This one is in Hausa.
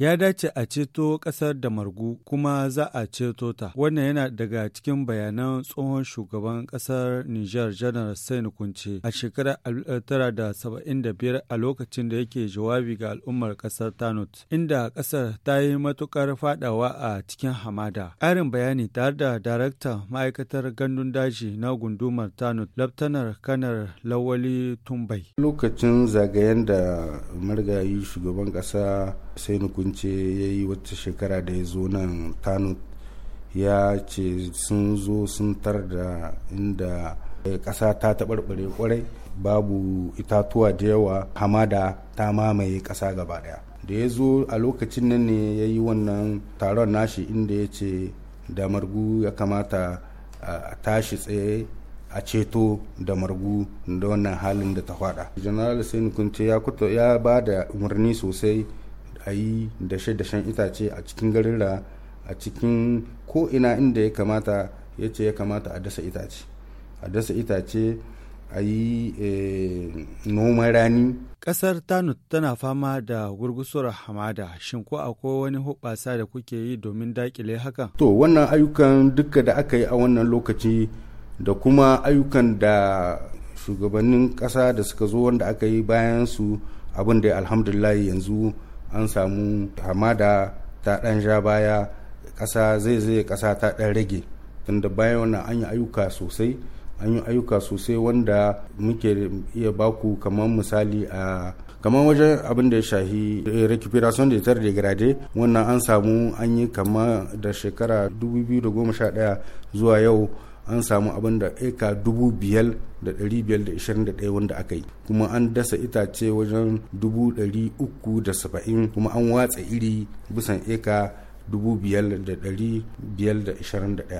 Ya dace a ceto ƙasar da margu kuma za a ceto ta. Wannan yana daga cikin bayanan tsohon shugaban ƙasar niger Janar Sani Kunce a shekarar 1975 a lokacin da yake jawabi ga al'ummar ƙasar Tanut, inda ƙasar ta yi matuƙar fadawa a cikin hamada. Ƙarin bayani tare da darakta ma'aikatar gandun daji na gundumar Tanut, Laftanar Kanar Lawali Tumbai. Lokacin zagayen da marigayi shugaban ƙasa Sani ce ya yi wata shekara da ya zo nan tano ya ce sun zo sun tar da inda ƙasa ta taɓarɓare kwarai babu itatuwa da yawa hamada ta mamaye ƙasa gaba ɗaya da ya zo a lokacin nan ne ya yi wannan taron nashi inda ya ce da margu ya kamata a tashi tsaye a ceto da margu da wannan halin da ta faɗa general sai kunce ya ba da umarni sosai a yi dashe-dashen itace a cikin garin da a cikin ko ina inda ya kamata ya ce ya kamata a dasa itace a dasa itace a yi eh, noman rani ƙasar tanu tana fama da gurgusuwar hamada shin ko akwai wani hoɓasa da kuke yi domin daƙile haka to wannan ayyukan duka da aka yi a wannan lokaci da kuma ayyukan da shugabannin ƙasa da suka zo wanda aka yi bayan su abin da alhamdulillah yanzu an samu hamada ta ɗan ja baya kasa zai zai kasa ta ɗan rage tunda bayan wannan an yi ayyuka sosai an yi ayyuka sosai wanda muke iya baku kamar misali a kamar wajen abin da ya shahi eh, recuperation de terre degradé wannan an samu an yi kama da shekara 2011 zuwa yau an samu abin da eka dubu biyar da ɗari biyar da ishirin da ɗaya wanda aka yi kuma an dasa itace wajen dubu ɗari uku da saba'in kuma an watsa iri bisan eka dubu biyar da ɗari biyar da ishirin da ɗaya